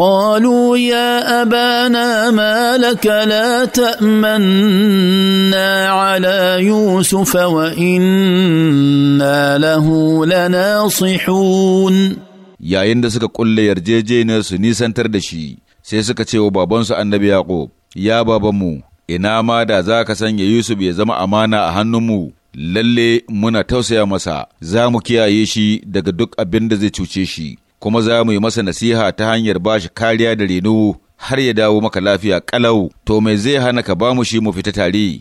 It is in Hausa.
قالوا يا ابانا ما لك لا تامنا على يوسف وانا له لناصحون yayin da suka kulle yarjejeniyar su nisantar da shi sai suka ce wa babansu annabi yaqub ya babanmu ina ma da za ka sanya yusuf ya zama amana a hannunmu lalle muna tausaya masa za mu kiyaye shi daga duk abin da zai cuce shi kuma za mu yi masa nasiha ta hanyar ba shi kariya da renu har ya dawo maka lafiya ƙalau, to me zai hana ka ba mu shi mu fita tare.